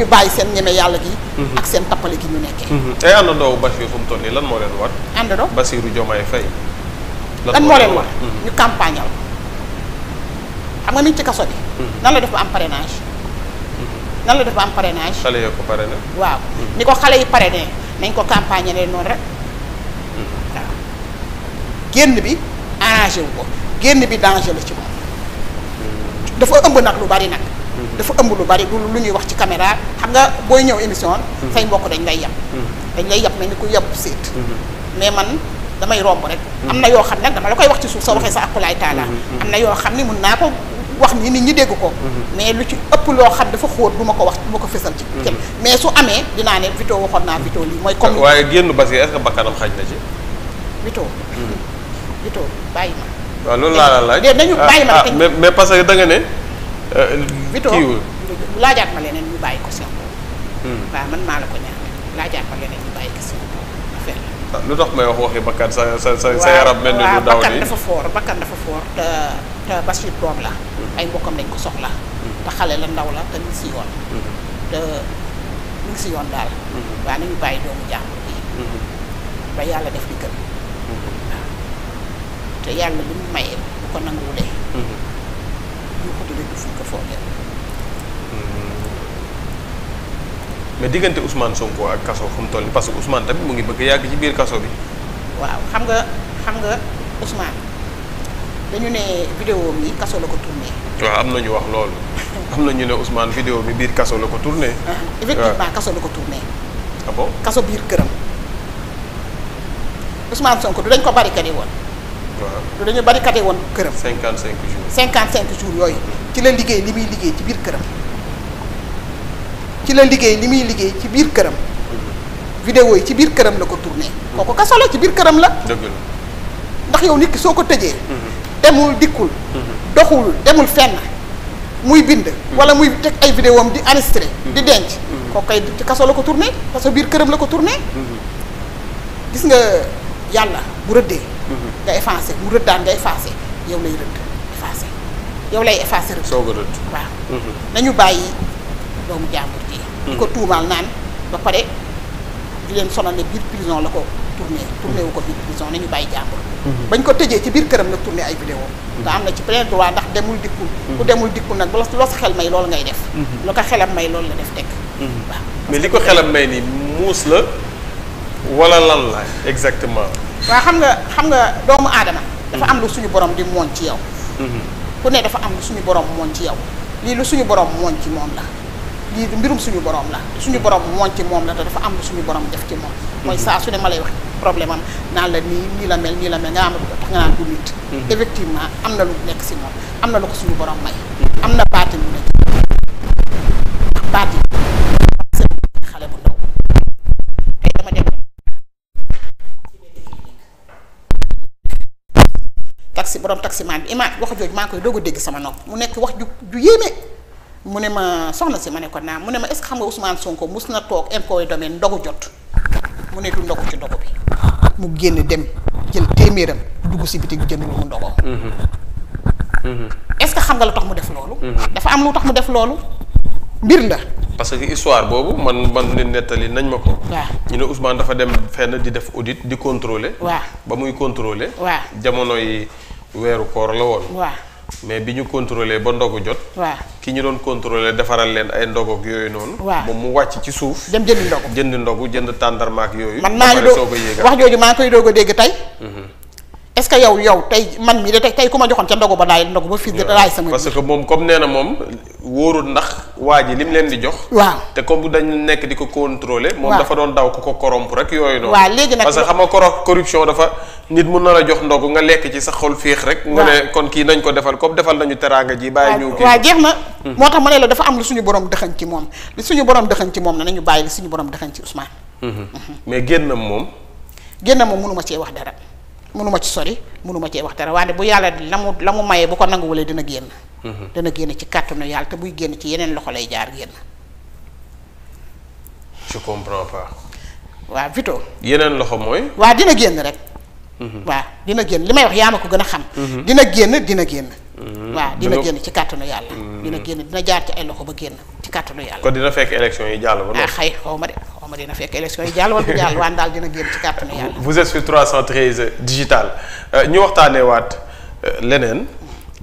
ñu bàyyi seen ñeme yàlla gi mhm. ak seen tappale gi ñu nekkee ay mhm. àndandoo Bachir fu mu lan moo leen war àndandoo Bassirou Diomaye Faye lan moo leen war mhm. xam nga ni ci kaso bi nan la def am parrainage nan la def am parrainage xale yi ko parrainé waaw ni ko xale yi parrainé nañ ko campagne leen noonu rek génn bi arrangé wu ko génn bi danger la ci moom dafa ëmb nag lu bari nag dafa ëmb lu bari lu ñuy wax ci caméra xam nga booy ñëw émission say mbokk dañ lay yab dañ lay yab ma ni ku yab séet mais man damay romb rek am na yoo xam ne dama la koy wax ci suuf soo waxee sa akulaay taala am na yoo xam ne mun naa ko wax ni nit ñi dégg ko mais lu ci ëpp loo xam dafa xóot du ma ko wax du ma ko fésal ci kenn mais su amee dinaa ne Vito waxoon naa Vito lii mooy comme waaye génn basi est-ce que bakkanam xaj na ci Vito hmm. Vito bàyyi ma waaw loolu laa la laaj dañu ah, bàyyi ma ah, mais parce que da nga Euh, Vito laajaat ma leneen ñu bàyyi question boobu. Hmm. waaw man maa la ko ñaan laajaat ma leneen ñu bàyyi question boobu affaire la. Ah, lu tax may wax waxi bakkan sa sa sa sa yaram. mel ni lu daw bakkan dafa foor bakkan dafa foor te te Bachir doom la. Hmm. ay mbokkam dañ ko soxla. Hmm. te xale la ndaw la te ñu ngi si yoon. te ñu ngi si yoon daal. waaw nañu bàyyi doomu jàmbur bi. ba yàlla def li gën. waaw te yàlla li mu maye bu ko nanguwulee. yuuxutali du fu ko foogee hmm. mais diggante Ousmane Sonko ak kaso fu toll nii parce que Ousmane tamit mu ngi bëgg yàgg ci biir kaso bi waaw xam nga xam nga Ousmane dañu ne vidéo mi kaso la ko tourné waaw am na ñu wax loolu am na ñu ne Ousmane vidéo mi biir kaso la ko tourné ah, ah, effectivement kaso la ko ah Sonko du dañ ko barricadé woon te dañu barricadé woon këram. 55 jours 55 jours yooyu ci la liggéey li muy liggéey ci biir këram ci la liggéey li muy liggéey ci biir këram. Mm-hmm. vidéo yi ci biir këram la ko tourné. Mm-hmm. kooku kaso la ci biir këram la. dëgg la ndax yow nit ki soo ko tëjee. Mm-hmm. demul dikkul. doxul demul fenn. muy bind. wala muy teg ay vidéo am di enregistré. di denc. kooku kay ci kasolo ko tourné parce que biir këram la ko tourné. gis nga yàlla bu rëddee. nga effacé mu rëddaan nga effacé yow lay rëdd effacé yow lay effacé rëdd soog a rëdd waaw mhm. nañu bàyyi doomu jàmbur ji di ko mhm. tuumaal naan ba pare di leen sonal ne biir prison la ko tourné tourné wu ko biir prison nañu bàyyi jàmbur mhm. bañ ko tëjee ci biir këram nag tourné ay vidéo nga am na ci plein droit ndax demul dikkul ku demul dikkul nag loo sa xel may loolu ngay def lu ko xelam may loolu la def tekk waaw mais li ko xelam may ni muus la wala lan la exactement waa xam nga xam nga doomu aadama. dafa am lu suñu borom di mooñ ci yow. Mhm. ku ne dafa am lu suñu borom mooñ ci yow lii lu suñu borom mooñ ci moom la lii mbirum suñu borom la suñu borom mooñ ci moom la te dafa am lu suñu borom def ci moom. Mhm. mooy saa su ne ma lay wax problème am naan la nii nii la mel nii la mel nga am tax nga naan du nit. Mhm. effectivement am na lu nekk si moom am na lu ko suñu borom may. am na baati mu nekk baati. taxi borom taxi man bi ima wax jooju maa koy doog a dégg sama nopp mu nekk wax ju ju yéeme mu ne ma soxna si ma ne ko naa mu ne ma est-ce que xam nga Ousmane Sonko mus na toog impôt domaine ndogu jot mu ne du ci ndogu mu génn dem jël téeméeram dugg si bitig jënd lu mu ndogoo. Mm-hmm. est-ce xam nga lu tax mu def loolu. Mm-hmm. dafa am lu tax mu def loolu mbir la. parce que histoire boobu man man ni nettali nañ ma ko. waaw ñu ne Ousmane dafa dem fenn di def audit di contrôler. waaw ba muy contrôler. waaw jamono yi. weeru koor la woon. waaw mais bi ñu contrôlé ba ndogu jot. waaw ki ñu doon contrôlé defaral leen ay ndog yooyu noonu. waaw moom mu wàcc ci suuf. dem jënd ndogu jënd ndogu jënd tàndarma ak yooyu. man maa ngi doog wax jooju maa a dégg tey. Mhm. est-ce yow yow tey man mii de tey ku ma joxoon ca ndogu ba daay ndogu ba fii de daay sama parce que moom comme nee na moom wóorul ndax waa ji lim leen di jox waa te comme bu dañ nekk di ko contrôler moom dafa doon daw ku ko corrompre rek yooyu noonu waaw léegi nag parce que xam nga corruption dafa nit mu na la jox ndogu nga lekk ci sa xol féex rek. nga ne kon kii nañ ko defal comme defal nañu teraanga ji. bàyyi ñu kii waaw jeex na. Hmm. moo tax ma ne la dafa am lu suñu borom dëxañ ci moom li suñu borom dëxañ ci moom na nañu bàyyi li suñu borom dëxañ ci Ousmane. Hmm. Hmm. mais génnam moom. génnam moom mënu ma cee wax dara mënu ma ci sori mënu ma cee wax dara waaye bu yàlla la mu la mu mayee bu ko nanguwalee dina génn. dana génn ci kàttanu yàlla te buy génn ci yeneen loxo lay jaar génn. waaw Vito. yeneen loxo mooy. waaw dina génn rek. Mhm. waaw dina génn li may wax yaa ma ko gën a xam. Mhm. dina génn dina génn. Mhm. waaw dina génn ci kàttanu yàlla. dina génn dina jaar ci ay loxo ba génn ci kàttanu yàlla. kon dina fekk élection yi jàll ba. ah xay xaw ma ma dina fekk élection yi jàll wala du jàll waan daal dina génn ci kàttanu yàlla. vous êtes sur 313 digital euh, ñu waxtaanee waat euh, leneen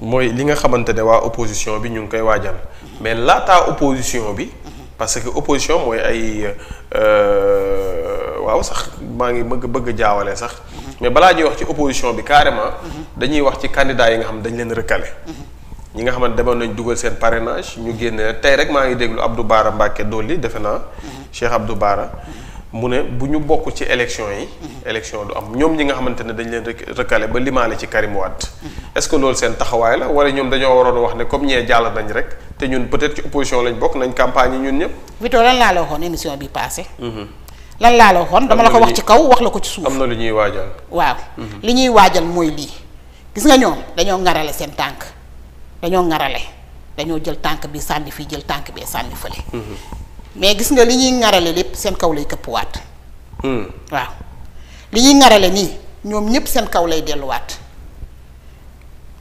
mooy li nga xamante ne waa opposition bi ñu ngi koy waajal mais laata opposition bi. parce que opposition mooy ay euh, waaw sax maa ngi bëgg bëgg jaawale sax. mais balaa ñuy wax ci opposition bi carrément. dañuy wax ci candidats yi nga xam ne dañ leen recalé. ñi nga xamante demoon nañ dugal seen parrainage ñu génne tey rek maa ngi déglu Abdou Bara Mbacké Dolly defe naa. Cheikh Abdou baara mu ne bu ñu bokk ci élection yi. élection du am ñoom ñi nga xamante ne dañ leen recalé ba limaale ci Karim Wade. est-ce que loolu seen taxawaay la wala ñoom dañoo waroon wax ne comme ñee jàll nañ rek te ñun peut-être ci opposition lañ nañ campagne yi ñëpp. Vito lan laa émission bi passé mhm. lan laa la waxoon dama la ko wax ci kaw wax la ko ci suuf. am na lu ñuy waajal. waaw mhm. li ñuy waajal mooy lii gis nga ñoom dañoo ngarale seen tànk dañoo ngarale dañoo jël tànk bi sànni fii jël tànk bee sànni fële. Mhm. mais gis nga li ñuy ngarale lépp seen kaw lay këppwaat. Hmm. waaw li ñuy ngarale nii ñoom ñépp seen kaw lay delluwaat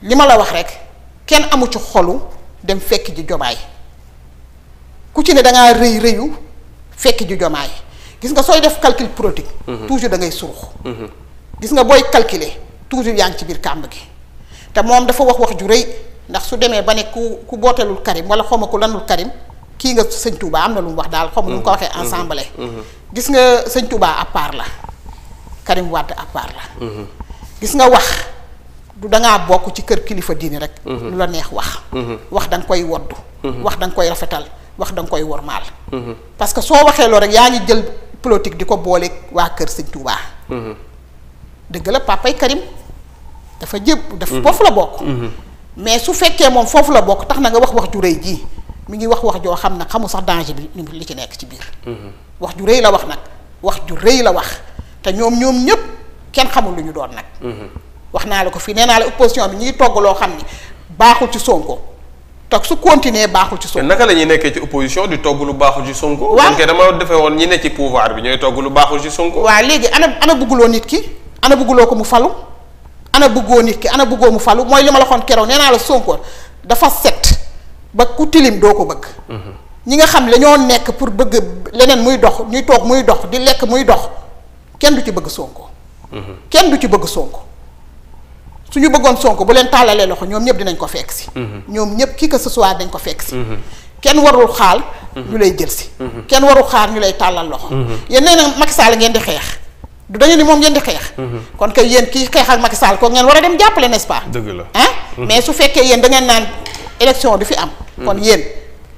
li ma la wax rek kenn amu ci xolu dem fekk ji jomaay ku ci ne dangaa rëy rëyu fekk ji jomaay. gis nga sooy def calcul politique. Mhm. toujours da ngay surux. Mhm. gis nga booy calculer toujours yaa ngi ci biir kàmb gi te moom dafa wax wax ju ndax su demee ba ne ku ku booteelul Karim wala xaw ma ku lanul Karim kii nga sëñ Touba am na lu wax daal. xaw ma nu mu ko mhm. waxee ensemble. nga sëñ à part la Karim Wade à part la. gis nga wax du da bokk ci kër kilifa diini rek. lu la neex wax. wax da koy wodd wax da koy rafetal wax da koy wormaal. parce soo waxee loo rek yaa ngi jël. politique di ko booleek waa kër sëñ Touba. Mhm. dëgg la papay Karim dafa jëpp dafa mhm. foofu la bokk. Mhm. mais su fekkee moom foofu la bokk tax na nga wax wax ju rëy jii mi ngi wax wax joo xam ne xamul sax danger bi li ci nekk ci biir. wax ju rëy la wax nag wax ju rëy la wax te ñoom ñoom ñëpp kenn xamul lu ñu doon nag. wax naa la ko fii nee naa la opposition bi ñu ngi togg loo xam ni baaxul ci Sonko. toog su continuer baaxul ci Sonko. naka la ñuy nekkee ci opposition di togg lu baaxul ci Sonko. waaw man kay woon ñi ne ci pouvoir bi ñooy togg lu baaxul ci Sonko. waaw léegi ana ana bëgguloo nit ki ana bëgguloo ko mu falu ana bëggoo nit ki ana bëggoo mu falu mooy li ma la xoon keroog nee naa la Sonko dafa set ba ku tilim doo ko bëgg. Mhm. ñi nga xam ne ñoo nekk pour bëgg leneen muy dox ñuy toog muy dox di lekk muy dox kenn du ci bëgg Sonko. Mhm. kenn du ci bëgg Sonko. su ñu bëggoon Sonko bu leen tàllalee loxo ñoom ñëpp dinañ ko fekk si. Mhm. ñoom ñëpp kii que ce soit ko fekk si. Mhm. kenn warul xaal. Mhm. ñu lay jël si. kenn warul xaar ñu lay tàllal loxo. yéen nee na Macky ngeen di xeex. du dañu ni moom ngeen di xeex. kon kay yéen kii xeexal Macky Sall ko ngeen war a dem jàppale n'est-ce pas. dëgg la ah mais su fekkee yéen da ngeen naan élection du fi am. kon yéen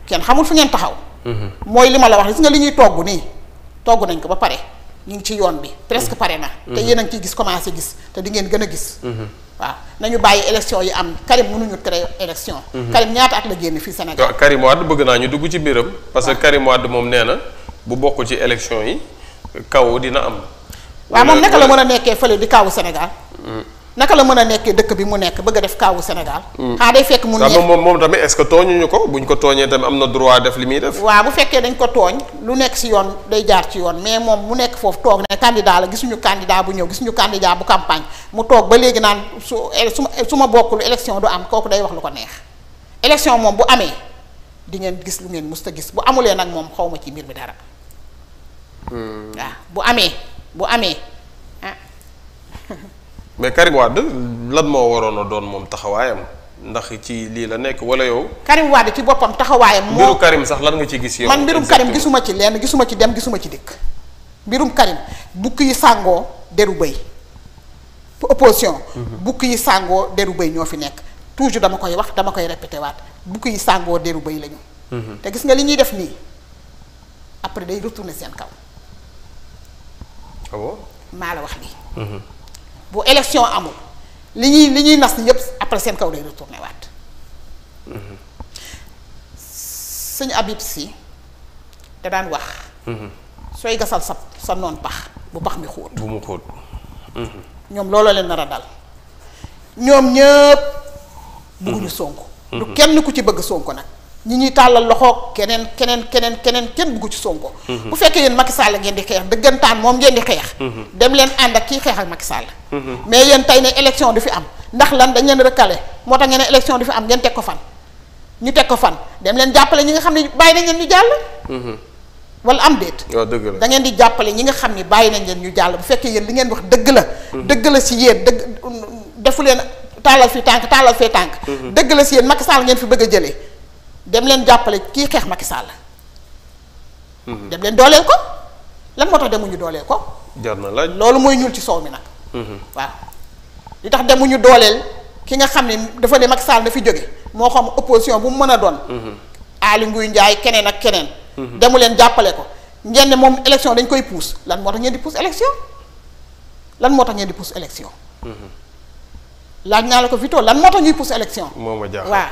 kenn xamul fi ngeen taxaw. mooy li ma la wax gis nga li ñuy togg nii togg nañ ko ba pare ñu ngi ci yoon bi. presque pare na. te yéen a ngi gis commencé gis te di ngeen gën a gis. waaw nañu bàyyi élection yi am Karim mënuñu créer élection. Mhm. Karim ñaata at la génn fii Sénégal. waaw Karim Wade bëgg naa ñu dugg ci mbiram. parce que Karim Wade moom nee na bu bokk ci élection yi kaw dina am. waaw moom naka la mën a nekkee fële di kawu senegal mm. naka la mën a nekkee dëkk bi mu nekk bëgg a def kaawu Sénégal. Hmm. xaa day fekk mu neex moom moom tamit est-ce que tooñuñu ko buñ ko tooñee tamit am na droit def li muy def. waaw bu fekkee dañ ko tooñ lu nekk si yoon day jaar ci yoon mais moom mu nekk foofu toog ne candidat la gisuñu candidat bu ñëw gisuñu candidat bu campagne mu toog ba léegi naan su eh, eh, su ma bokkul élection du am kooku day wax lu ko neex élection moom bu amee di ngeen gis lu ngeen ta gis bu amulee nag moom xaw ma ci mbir mi dara. Hmm. waaw bu amee bu amee ah. mais Karim Wade lan moo waroon a doon moom taxawaayam ndax ci lii la nekk wala yow. Karim Wade ci boppam taxawaayam. moo mbiru Karim sax lan nga ci gis yow. man mbirum Karim gisuma ci lenn gisuma ci dem gisuma ci dikk mbirum Karim bukk yi sàngoo deru bëy opposition. Mhm. bukk yi sàngoo deru bëy ñoo fi nekk toujours dama koy wax dama koy repetewaat waat bukk yi sàngoo deru bëy lañu. Mhm. te gis nga li ñuy def nii après day retourner seen kaw. Ah maa la wax lii. Mhm. bu élection amul li ñuy li ñuy nas ni yépp après seen kaw day retourné waat sëñ Habib si da daan wax sooy gasal sa sa noon pax bu pax mi xóot bu mu xóot ñoom looloo leen nar a dal ñoom ñëpp bëgguñu mm-hmm. Sonko du mm-hmm. kenn ku ci bëgg Sonko nag ñi ñuy tàllal loxo keneen keneen keneen keneen kenn bugg ci Sonko. Mhm. bu fekkee yéen Macky Sall ngeen di xeex dëggantaan moom ngeen di xeex. Mhm. dem leen ànd ak kii xeex ak Macky Sall. Mhm. mais yéen tey ne élection du fi am ndax lan dañ leen recalé moo tax ngeen ne élection fi am ngeen teg ko fan. ñu teg ko fan dem leen jàppale ñi nga xam ne bàyyi nañ ngeen ñu jàll. wala am déet. waaw dëgg la ngeen di jàppale ñi nga xam ne bàyyi nañ leen ñu jàll bu fekkee yéen li ngeen wax dëgg la. dëgg la si yéen dëgg defu leen tàllal fi tànk tàllal fee tànk. dëgg la si yéen Macky Sall ngeen fi bëgg a jëlee dem leen jàppale kii xeex Macky Sall. Mhm. dem leen dooleel ko lan moo tax ñu dooleel ko. jar na laaj loolu mooy ñuul ci soow mi nag. Mhm. waaw li tax dem demuñu dooleel ki nga xam ne dafa ne Macky Sall na fi jóge moo xam opposition bu mu mën a doon. Mhm. Aly Ngouille njaay keneen ak keneen. demu leen jàppale ko ngeen moom élection dañ koy pousse lan moo tax ngeen di pousse élection lan moo tax ñeen di pousse élection. laaj naa la ko Vito lan moo tax ñuy pousse élection. moo ma jaaxal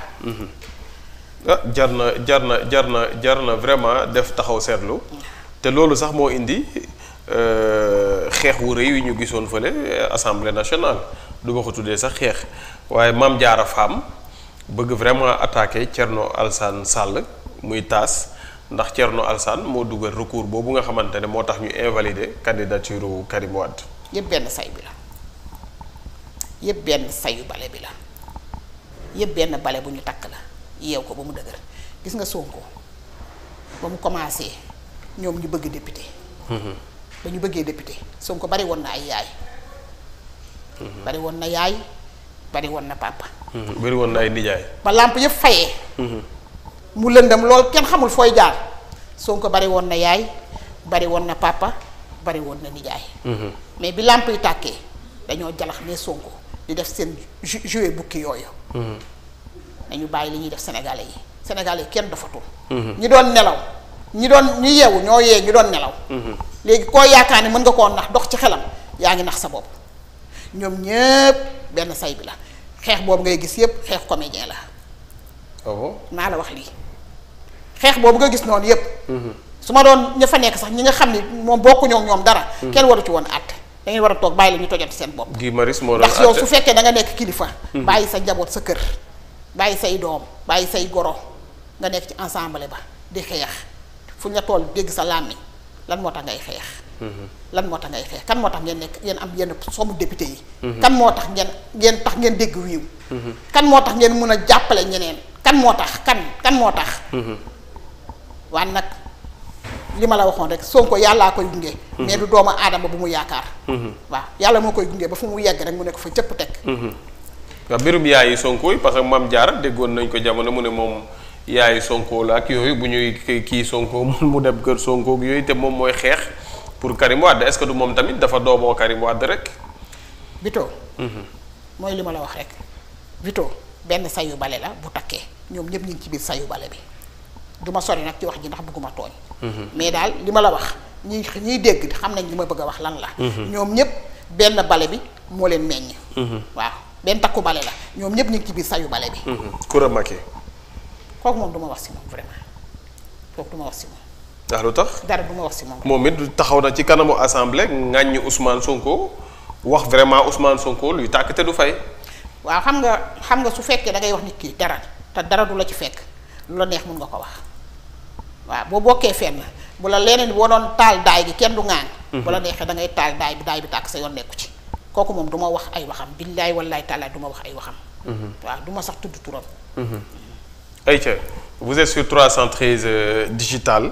ah jar na jar na jar na jar na vraiment def taxaw seetlu te loolu sax moo indi euh, xeex wu rëy wi ñu gisoon fële assemblée nationale du ma ko tuddee sax xeex waaye Mame Diarra Fam bëgg vraiment attaque cerno alsaan sàll muy taas ndax Thierno Alassane moo dugal recours boobu nga xamante ne moo tax ñu invalider candidature Karim Wade. yëpp benn say bi la yëpp benn sayu bale bi la yëpp benn bale bu ñu takk la. yeew ko ba mu dëgër gis nga Sonko ba mu commencé ñoom ñu bëgg député mm-hmm. ba ñu bëggee député Sonko bari woon na ay yaay mm-hmm. bari woon na yaay bari woon na papa mm-hmm. bari na nijaay ba làmp yëpp mu lëndam lool kenn xamul fooy jaar Sonko bari woon na yaay bari woon na papa bari woon na nijaay mais bi làmp yi tàkkee dañoo jalax ne Sonko di def seen jouer bukki yooyu nañu bàyyi li ñuy def sénégalais yi sénégalais yi kenn dafatul mhm. ñi doon nelaw ñi doon ñu yeewu ñoo yee ñi doon nelaw mhm. léegi koo yaakaar ne mën nga koo nax dox ci xelam yaa ngi nax sa bopp ñoom ñëpp benn say bi la xeex boobu ngay gis yëpp xeex comédien la ah naa la wax lii xeex boobu nga gis noonu yëpp mhm. su ma doon ña fa nekk sax ñi nga xam ne moom bokkuñoo ñoom dara kenn waru ci woon àtte da ngeen war a toog bàyyi la ñu tojante seen bopp ndax yow su fekkee da nga nekk kilifa bàyyi sa njaboot sa kër bàyyi say doom bàyyi say goro nga nekk ci ensemble ba di xeex fu ñu tool dégg sa làmmiñ lan moo tax ngay xeex. Mhm. lan moo tax ngay kan moo tax ngeen nekk ngeen am yenn somu député yi. Mhm. kan moo tax ngeen ngeen tax ngeen dégg wiiw. Mhm. kan moo tax ngeen mën a jàppale ñeneen kan moo tax kan kan moo tax. waan nag li ma la waxoon rek ko yàllaa koy gunge. mais du doomu aadama bu mu yaakaar. waaw yàlla moo koy gunge ba fu mu yegg rek mu nekk fa cëpp teg. waaw mbirum yaayu Sonko yi parce que Mame Diarra déggoon nañ ko jamono mu ne moom yaayu Sonko la ak yooyu bu ñuy kii Sonko mu dem kër Sonko yooyu te moom mooy xeex pour Karim Wade est-ce du moom tamit dafa doomoo Karim Wade rek. Vito. Mhm. mooy li ma la wax rek. Vito benn sayu bale la bu takkee ñoom ñëpp ñu ci biir sayu bale bi duma ma sori nag ci wax ji ndax bëgguma tooñ. Mhm. mais daal li ma la wax ñi ñiy dégg xam nañ li ma bëgg a wax lan la. Mhm. ñoom ñëpp benn bale bi moo leen benn takku bale la ñoom ñëpp ñu ci biir sayu bale bi. Coura mhm. Macky. kooku moom du wax si moom vraiment kooku du ma wax si moom. ndax lu tax dara du wax si moom. moom taxaw na ci kanamu assemblée ŋàññi Ousmane Sonko wax vraiment Ousmane Sonko luy tàkk te du fay. waaw xam nga xam nga su fekkee da wax nit ki dara te dara la ci fekk lu la neex mun nga ko wax waaw boo bokkee fenn bu la leneen boo doon taal daay bi kenn du ŋaañ. Mhm. bu la neexee dangay ngay taal daay bi daay bi tàkk sa yoon nekku ci. kooku moom du ma wax ay waxam billaay wallaay taalaay du ma wax ay waxam. Mhm. waaw du ma sax tudd turam. Mhm. ayca vous êtes sur 313 euh, digital.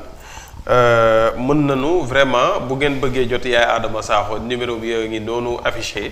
Euh, mën nañu vraiment bu ngeen bëggee jot yaay Adama Sakho numéro bi yaa ngi noonu affiché